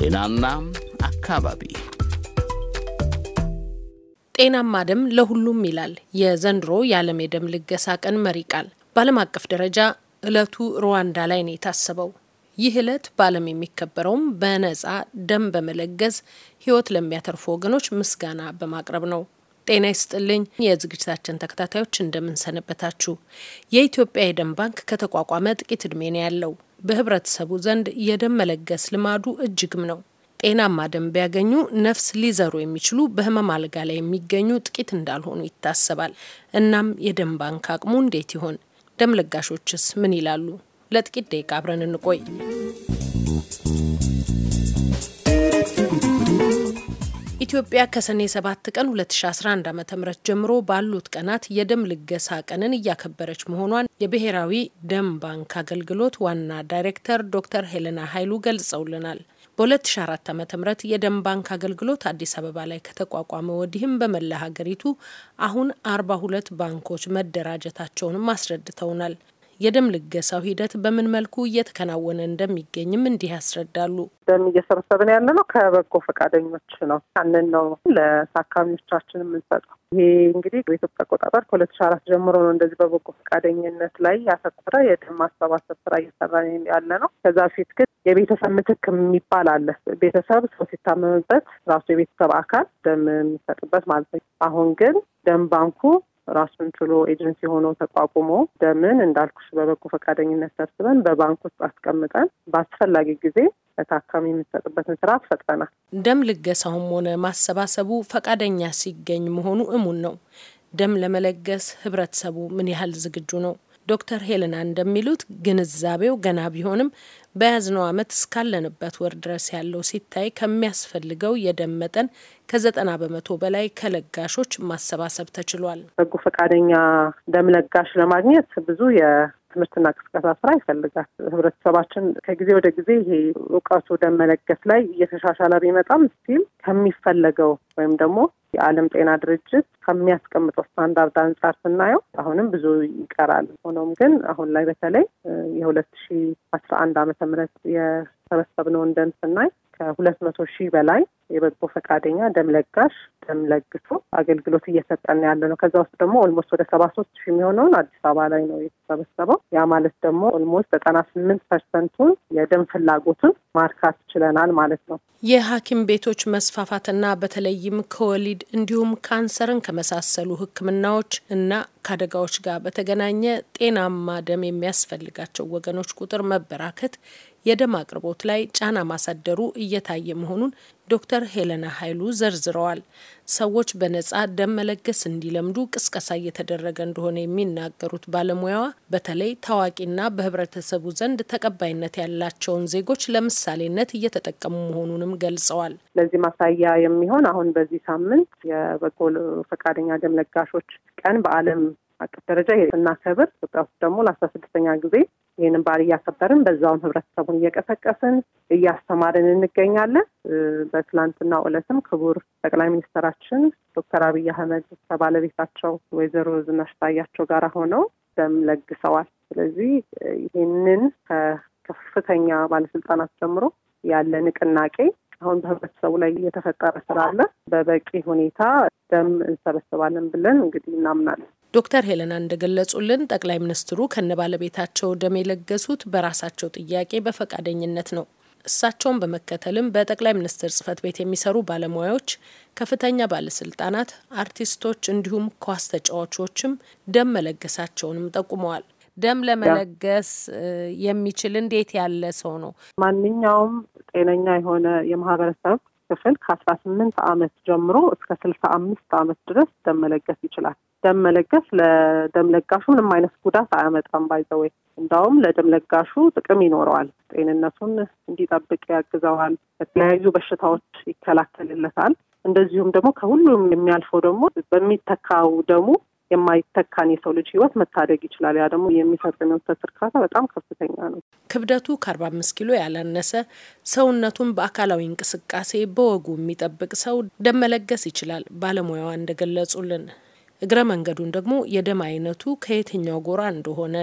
ጤናና አካባቢ ጤናማ ደም ለሁሉም ይላል የዘንድሮ የዓለም የደም ልገሳ ቀን መሪ ቃል። በዓለም አቀፍ ደረጃ እለቱ ሩዋንዳ ላይ ነው የታሰበው። ይህ እለት በዓለም የሚከበረውም በነጻ ደም በመለገስ ህይወት ለሚያተርፉ ወገኖች ምስጋና በማቅረብ ነው። ጤና ይስጥልኝ የዝግጅታችን ተከታታዮች እንደምንሰነበታችሁ። የኢትዮጵያ የደም ባንክ ከተቋቋመ ጥቂት ዕድሜ ነው ያለው። በህብረተሰቡ ዘንድ የደም መለገስ ልማዱ እጅግም ነው። ጤናማ ደም ቢያገኙ ነፍስ ሊዘሩ የሚችሉ በህመም አልጋ ላይ የሚገኙ ጥቂት እንዳልሆኑ ይታሰባል። እናም የደም ባንክ አቅሙ እንዴት ይሆን? ደም ለጋሾችስ ምን ይላሉ? ለጥቂት ደቂቃ አብረን እንቆይ። ኢትዮጵያ ከሰኔ 7 ቀን 2011 ዓ.ም ጀምሮ ባሉት ቀናት የደም ልገሳ ቀንን እያከበረች መሆኗን የብሔራዊ ደም ባንክ አገልግሎት ዋና ዳይሬክተር ዶክተር ሄለና ኃይሉ ገልጸውልናል። በ2004 ዓ.ም የደም ባንክ አገልግሎት አዲስ አበባ ላይ ከተቋቋመ ወዲህም በመላ ሀገሪቱ አሁን 42 ባንኮች መደራጀታቸውንም አስረድተውናል። የደም ልገሳው ሂደት በምን መልኩ እየተከናወነ እንደሚገኝም እንዲህ ያስረዳሉ። ደም እየሰበሰብን ያለ ነው ከበጎ ፈቃደኞች ነው። ያንን ነው ለታካሚዎቻችን የምንሰጠው። ይሄ እንግዲህ በኢትዮጵያ አቆጣጠር ከሁለት ሺ አራት ጀምሮ ነው እንደዚህ በበጎ ፈቃደኝነት ላይ ያተኮረ የደም ማሰባሰብ ስራ እየሰራ ያለ ነው። ከዛ ፊት ግን የቤተሰብ ምትክ የሚባል አለ። ቤተሰብ ሰው ሲታመምበት ራሱ የቤተሰብ አካል ደም የሚሰጥበት ማለት ነው። አሁን ግን ደም ባንኩ ራሱን ችሎ ኤጀንሲ ሆኖ ተቋቁሞ ደምን እንዳልኩሽ በበጎ ፈቃደኝነት ሰብስበን በባንክ ውስጥ አስቀምጠን በአስፈላጊ ጊዜ ለታካሚ የምንሰጥበትን ስርዓት ፈጥረናል። ደም ልገሳውም ሆነ ማሰባሰቡ ፈቃደኛ ሲገኝ መሆኑ እሙን ነው። ደም ለመለገስ ህብረተሰቡ ምን ያህል ዝግጁ ነው? ዶክተር ሄለና እንደሚሉት ግንዛቤው ገና ቢሆንም በያዝነው ዓመት እስካለንበት ወር ድረስ ያለው ሲታይ ከሚያስፈልገው የደም መጠን ከዘጠና በመቶ በላይ ከለጋሾች ማሰባሰብ ተችሏል። በጎ ፈቃደኛ ደም ለጋሽ ለማግኘት ብዙ የ ትምህርትና ቅስቀሳ ስራ ይፈልጋል። ህብረተሰባችን ከጊዜ ወደ ጊዜ ይሄ እውቀቱ ደም መለገስ ላይ እየተሻሻለ ቢመጣም ስቲል ከሚፈለገው ወይም ደግሞ የዓለም ጤና ድርጅት ከሚያስቀምጠው ስታንዳርድ አንጻር ስናየው አሁንም ብዙ ይቀራል። ሆኖም ግን አሁን ላይ በተለይ የሁለት ሺ አስራ አንድ አመተ ምህረት የሰበሰብነውን ደም ስናይ ከሁለት መቶ ሺህ በላይ የበጎ ፈቃደኛ ደም ለጋሽ ደም ለግሶ አገልግሎት እየሰጠን ያለ ነው። ከዛ ውስጥ ደግሞ ኦልሞስት ወደ ሰባ ሶስት ሺህ የሚሆነውን አዲስ አበባ ላይ ነው የተሰበሰበው። ያ ማለት ደግሞ ኦልሞስት ዘጠና ስምንት ፐርሰንቱን የደም ፍላጎቱን ማርካት ችለናል ማለት ነው። የሐኪም ቤቶች መስፋፋትና በተለይም ከወሊድ እንዲሁም ካንሰርን ከመሳሰሉ ሕክምናዎች እና ከአደጋዎች ጋር በተገናኘ ጤናማ ደም የሚያስፈልጋቸው ወገኖች ቁጥር መበራከት የደም አቅርቦት ላይ ጫና ማሳደሩ እየታየ መሆኑን ዶክተር ሄለና ኃይሉ ዘርዝረዋል። ሰዎች በነጻ ደም መለገስ እንዲለምዱ ቅስቀሳ እየተደረገ እንደሆነ የሚናገሩት ባለሙያዋ በተለይ ታዋቂና በህብረተሰቡ ዘንድ ተቀባይነት ያላቸውን ዜጎች ለምሳሌነት እየተጠቀሙ መሆኑንም ገልጸዋል። ለዚህ ማሳያ የሚሆን አሁን በዚህ ሳምንት የበጎ ፈቃደኛ ደም ለጋሾች ቀን በዓለም አቀፍ ደረጃ ስናከብር ኢትዮጵያ ውስጥ ደግሞ ለአስራ ስድስተኛ ጊዜ ይህንን በዓል እያከበርን በዛውም ህብረተሰቡን እየቀሰቀስን እያስተማርን እንገኛለን። በትላንትና ዕለትም ክቡር ጠቅላይ ሚኒስትራችን ዶክተር አብይ አህመድ ከባለቤታቸው ወይዘሮ ዝናሽ ታያቸው ጋር ሆነው ደም ለግሰዋል። ስለዚህ ይህንን ከከፍተኛ ባለስልጣናት ጀምሮ ያለ ንቅናቄ አሁን በህብረተሰቡ ላይ እየተፈጠረ ስላለ በበቂ ሁኔታ ደም እንሰበስባለን ብለን እንግዲህ እናምናለን። ዶክተር ሄለና እንደገለጹልን ጠቅላይ ሚኒስትሩ ከነባለቤታቸው ደም የለገሱት በራሳቸው ጥያቄ በፈቃደኝነት ነው። እሳቸውን በመከተልም በጠቅላይ ሚኒስትር ጽህፈት ቤት የሚሰሩ ባለሙያዎች፣ ከፍተኛ ባለስልጣናት፣ አርቲስቶች እንዲሁም ኳስ ተጫዋቾችም ደም መለገሳቸውንም ጠቁመዋል። ደም ለመለገስ የሚችል እንዴት ያለ ሰው ነው? ማንኛውም ጤነኛ የሆነ የማህበረሰብ ክፍል ከአስራ ስምንት አመት ጀምሮ እስከ ስልሳ አምስት አመት ድረስ ደም መለገስ ይችላል። ደም መለገስ ለደም ለጋሹ ምንም አይነት ጉዳት አያመጣም። ባይዘወይ እንዳውም ለደም ለጋሹ ጥቅም ይኖረዋል። ጤንነቱን እንዲጠብቅ ያግዘዋል። የተለያዩ በሽታዎች ይከላከልለታል። እንደዚሁም ደግሞ ከሁሉም የሚያልፈው ደግሞ በሚተካው ደግሞ የማይተካን የሰው ልጅ ህይወት መታደግ ይችላል። ያ ደግሞ የሚሰጥ የውሰት እርካታ በጣም ከፍተኛ ነው። ክብደቱ ከአርባ አምስት ኪሎ ያላነሰ ሰውነቱን በአካላዊ እንቅስቃሴ በወጉ የሚጠብቅ ሰው ደም መለገስ ይችላል። ባለሙያዋ እንደገለጹልን እግረ መንገዱን ደግሞ የደም አይነቱ ከየትኛው ጎራ እንደሆነ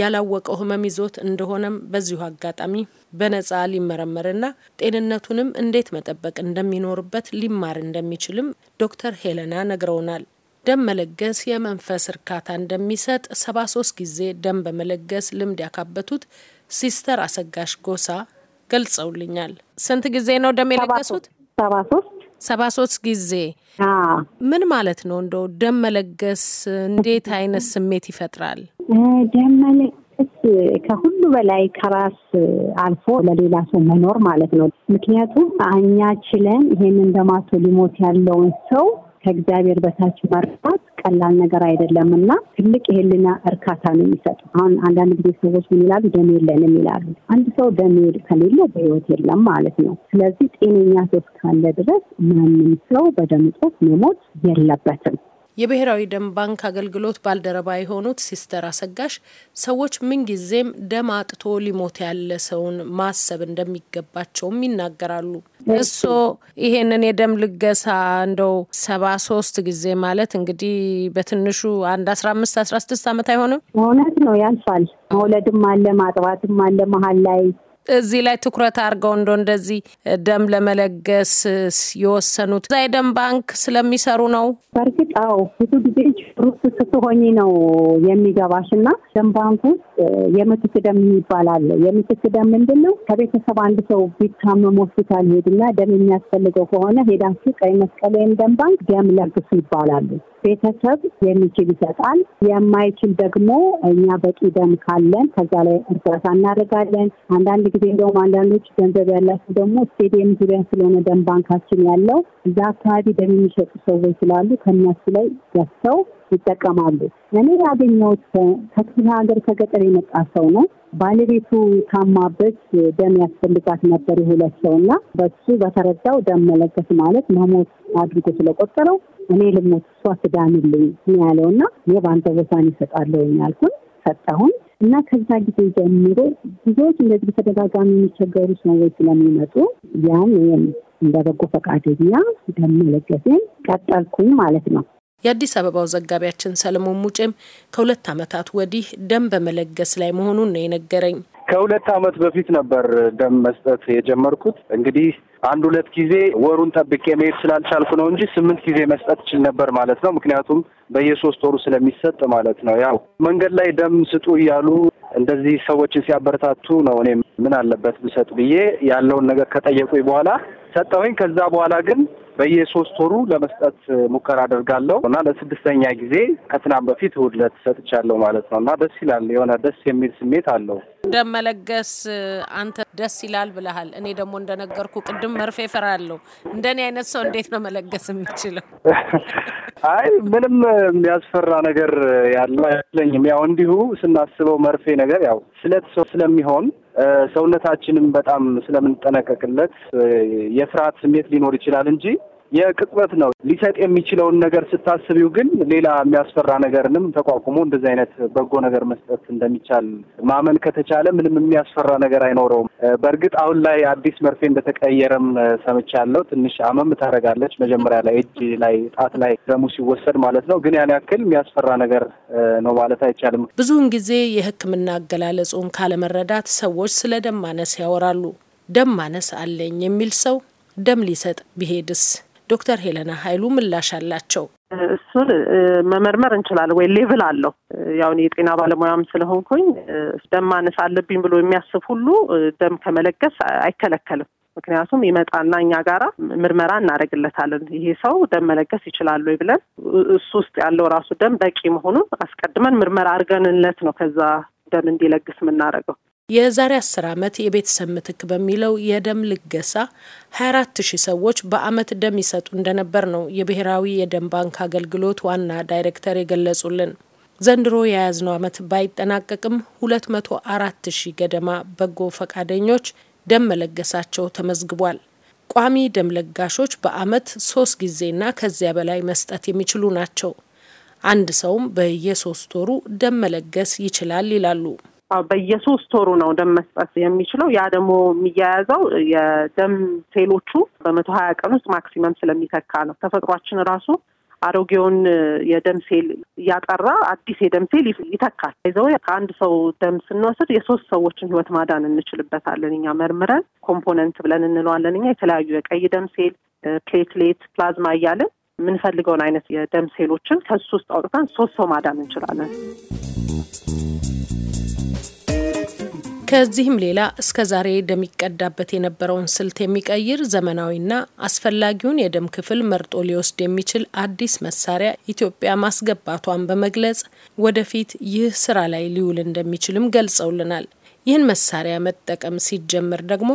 ያላወቀው ህመም ይዞት እንደሆነም በዚሁ አጋጣሚ በነጻ ሊመረመርና ጤንነቱንም እንዴት መጠበቅ እንደሚኖርበት ሊማር እንደሚችልም ዶክተር ሄለና ነግረውናል። ደም መለገስ የመንፈስ እርካታ እንደሚሰጥ ሰባ ሶስት ጊዜ ደም በመለገስ ልምድ ያካበቱት ሲስተር አሰጋሽ ጎሳ ገልጸውልኛል። ስንት ጊዜ ነው ደም የለገሱት? ሰባ ሶስት ሰባ ሶስት ጊዜ ምን ማለት ነው? እንደው ደም መለገስ እንዴት አይነት ስሜት ይፈጥራል? ደም መለገስ ከሁሉ በላይ ከራስ አልፎ ለሌላ ሰው መኖር ማለት ነው። ምክንያቱም እኛ ችለን ይሄንን ደማቶ ሊሞት ያለውን ሰው ከእግዚአብሔር በታች መርዳት ቀላል ነገር አይደለም እና ትልቅ የህልና እርካታ ነው የሚሰጡ። አሁን አንዳንድ ጊዜ ሰዎች ምን ይላሉ? ደም የለንም ይላሉ። አንድ ሰው ደም ከሌለ በህይወት የለም ማለት ነው። ስለዚህ ጤነኛ ሰው እስካለ ድረስ ማንም ሰው በደም እጦት መሞት የለበትም። የብሔራዊ ደም ባንክ አገልግሎት ባልደረባ የሆኑት ሲስተር አሰጋሽ ሰዎች ምንጊዜም ደም አጥቶ ሊሞት ያለ ሰውን ማሰብ እንደሚገባቸውም ይናገራሉ። እሶ ይሄንን የደም ልገሳ እንደው ሰባ ሶስት ጊዜ ማለት እንግዲህ በትንሹ አንድ አስራ አምስት አስራ ስድስት ዓመት አይሆንም? እውነት ነው ያልፋል። መውለድም አለ ማጥባትም አለ መሀል ላይ እዚህ ላይ ትኩረት አድርገው እንደ እንደዚህ ደም ለመለገስ የወሰኑት ዛ የደም ባንክ ስለሚሰሩ ነው። በእርግጥ አዎ፣ ብዙ ጊዜ ሩስ ስትሆኝ ነው የሚገባሽ እና ደም ባንክ ውስጥ የምትክ ደም ይባላል። የምትክ ደም ምንድን ነው? ከቤተሰብ አንድ ሰው ቢታመም ሆስፒታል ሄድና ደም የሚያስፈልገው ከሆነ ሄዳችሁ ቀይ መስቀል ወይም ደም ባንክ ደም ለግሱ ይባላሉ። ቤተሰብ የሚችል ይሰጣል፣ የማይችል ደግሞ እኛ በቂ ደም ካለን ከዛ ላይ እርዳታ እናደርጋለን። አንዳንድ ጊዜ እንደውም አንዳንዶች ገንዘብ ያላቸው ደግሞ ስቴዲየም ዙሪያ ስለሆነ ደም ባንካችን ያለው እዛ አካባቢ ደም የሚሸጡ ሰዎች ስላሉ ከእነሱ ላይ ገዝተው ይጠቀማሉ። እኔ ያገኘሁት ከክፍለ ሀገር ከገጠር የመጣ ሰው ነው። ባለቤቱ ታማበት ደም ያስፈልጋት ነበር የሁለት ሰው እና በሱ በተረዳው ደም መለገስ ማለት መሞት አድርጎ ስለቆጠረው እኔ ልሞት እሷ ትዳንልኝ ያለው እና ይህ በአንተ ቦታን ይሰጣለሁ ያልኩን ሰጠሁን እና ከዛ ጊዜ ጀምሮ ብዙዎች እንደዚህ በተደጋጋሚ የሚቸገሩ ሰዎች ስለሚመጡ ያን እንደ በጎ ፈቃደኛ ደም መለገሴን ቀጠልኩኝ ማለት ነው። የአዲስ አበባው ዘጋቢያችን ሰለሞን ሙጬም ከሁለት ዓመታት ወዲህ ደም በመለገስ ላይ መሆኑን ነው የነገረኝ። ከሁለት ዓመት በፊት ነበር ደም መስጠት የጀመርኩት። እንግዲህ አንድ ሁለት ጊዜ ወሩን ጠብቄ መሄድ ስላልቻልኩ ነው እንጂ ስምንት ጊዜ መስጠት ችል ነበር ማለት ነው። ምክንያቱም በየሶስት ወሩ ስለሚሰጥ ማለት ነው። ያው መንገድ ላይ ደም ስጡ እያሉ እንደዚህ ሰዎችን ሲያበረታቱ ነው። እኔ ምን አለበት ብሰጥ ብዬ ያለውን ነገር ከጠየቁኝ በኋላ ሰጠሁኝ። ከዛ በኋላ ግን በየሶስት ወሩ ለመስጠት ሙከራ አደርጋለሁ እና ለስድስተኛ ጊዜ ከትናንት በፊት እሑድ ዕለት ሰጥቻለሁ ማለት ነው እና ደስ ይላል። የሆነ ደስ የሚል ስሜት አለው ደም መለገስ አንተ ደስ ይላል ብለሃል። እኔ ደግሞ እንደነገርኩ ቅድም መርፌ እፈራለሁ። እንደኔ አይነት ሰው እንዴት ነው መለገስ የሚችለው? አይ ምንም የሚያስፈራ ነገር ያለ አይመስለኝም። ያው እንዲሁ ስናስበው መርፌ ነገር ያው ስለት ሰው ስለሚሆን ሰውነታችንም በጣም ስለምንጠነቀቅለት የፍርሃት ስሜት ሊኖር ይችላል እንጂ የቅጽበት ነው ሊሰጥ የሚችለውን ነገር ስታስቢው ግን ሌላ የሚያስፈራ ነገርንም ተቋቁሞ እንደዚህ አይነት በጎ ነገር መስጠት እንደሚቻል ማመን ከተቻለ ምንም የሚያስፈራ ነገር አይኖረውም። በእርግጥ አሁን ላይ አዲስ መርፌ እንደተቀየረም ሰምቻለሁ። ትንሽ አመም ታደርጋለች መጀመሪያ ላይ እጅ ላይ ጣት ላይ ደሙ ሲወሰድ ማለት ነው። ግን ያን ያክል የሚያስፈራ ነገር ነው ማለት አይቻልም። ብዙውን ጊዜ የሕክምና አገላለጹን ካለመረዳት ሰዎች ስለ ደም ማነስ ያወራሉ። ደም ማነስ አለኝ የሚል ሰው ደም ሊሰጥ ቢሄድስ ዶክተር ሄለና ሀይሉ ምላሽ አላቸው። እሱን መመርመር እንችላለን ወይ? ሌቭል አለው። ያው እኔ የጤና ባለሙያም ስለሆንኩኝ ደም ማነስ አለብኝ ብሎ የሚያስብ ሁሉ ደም ከመለገስ አይከለከልም። ምክንያቱም ይመጣና እኛ ጋራ ምርመራ እናደርግለታለን። ይሄ ሰው ደም መለገስ ይችላሉ ወይ ብለን እሱ ውስጥ ያለው ራሱ ደም በቂ መሆኑን አስቀድመን ምርመራ አድርገንለት ነው ከዛ ደም እንዲለግስ የምናደርገው። የዛሬ 10 ዓመት የቤተሰብ ምትክ በሚለው የደም ልገሳ 24 ሺህ ሰዎች በአመት ደም ይሰጡ እንደነበር ነው የብሔራዊ የደም ባንክ አገልግሎት ዋና ዳይሬክተር የገለጹልን። ዘንድሮ የያዝነው ዓመት ባይጠናቀቅም 204 ሺህ ገደማ በጎ ፈቃደኞች ደም መለገሳቸው ተመዝግቧል። ቋሚ ደም ለጋሾች በአመት ሶስት ጊዜና ከዚያ በላይ መስጠት የሚችሉ ናቸው። አንድ ሰውም በየሶስት ወሩ ደም መለገስ ይችላል ይላሉ። በየሶስት ወሩ ነው ደም መስጠት የሚችለው። ያ ደግሞ የሚያያዘው የደም ሴሎቹ በመቶ ሀያ ቀን ውስጥ ማክሲመም ስለሚተካ ነው። ተፈጥሯችን ራሱ አሮጌውን የደም ሴል እያጠራ አዲስ የደም ሴል ይተካል። ይዘው ከአንድ ሰው ደም ስንወስድ የሶስት ሰዎችን ህይወት ማዳን እንችልበታለን። እኛ መርምረን ኮምፖነንት ብለን እንለዋለን። እኛ የተለያዩ የቀይ ደም ሴል፣ ፕሌትሌት፣ ፕላዝማ እያለን የምንፈልገውን አይነት የደም ሴሎችን ከሱ ውስጥ አውጥተን ሶስት ሰው ማዳን እንችላለን። ከዚህም ሌላ እስከ ዛሬ ደም ይቀዳበት የነበረውን ስልት የሚቀይር ዘመናዊና አስፈላጊውን የደም ክፍል መርጦ ሊወስድ የሚችል አዲስ መሳሪያ ኢትዮጵያ ማስገባቷን በመግለጽ ወደፊት ይህ ስራ ላይ ሊውል እንደሚችልም ገልጸውልናል። ይህን መሳሪያ መጠቀም ሲጀምር ደግሞ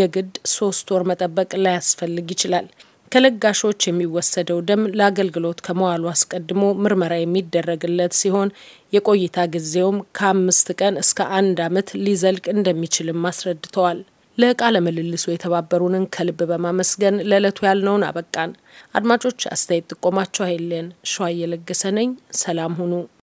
የግድ ሶስት ወር መጠበቅ ላያስፈልግ ይችላል። ከለጋሾች የሚወሰደው ደም ለአገልግሎት ከመዋሉ አስቀድሞ ምርመራ የሚደረግለት ሲሆን የቆይታ ጊዜውም ከአምስት ቀን እስከ አንድ ዓመት ሊዘልቅ እንደሚችልም አስረድተዋል። ለቃለ ምልልሱ የተባበሩንን ከልብ በማመስገን ለዕለቱ ያልነውን አበቃን። አድማጮች፣ አስተያየት ጥቆማቸው አይለየን። ሸዋ እየለገሰ ነኝ። ሰላም ሁኑ።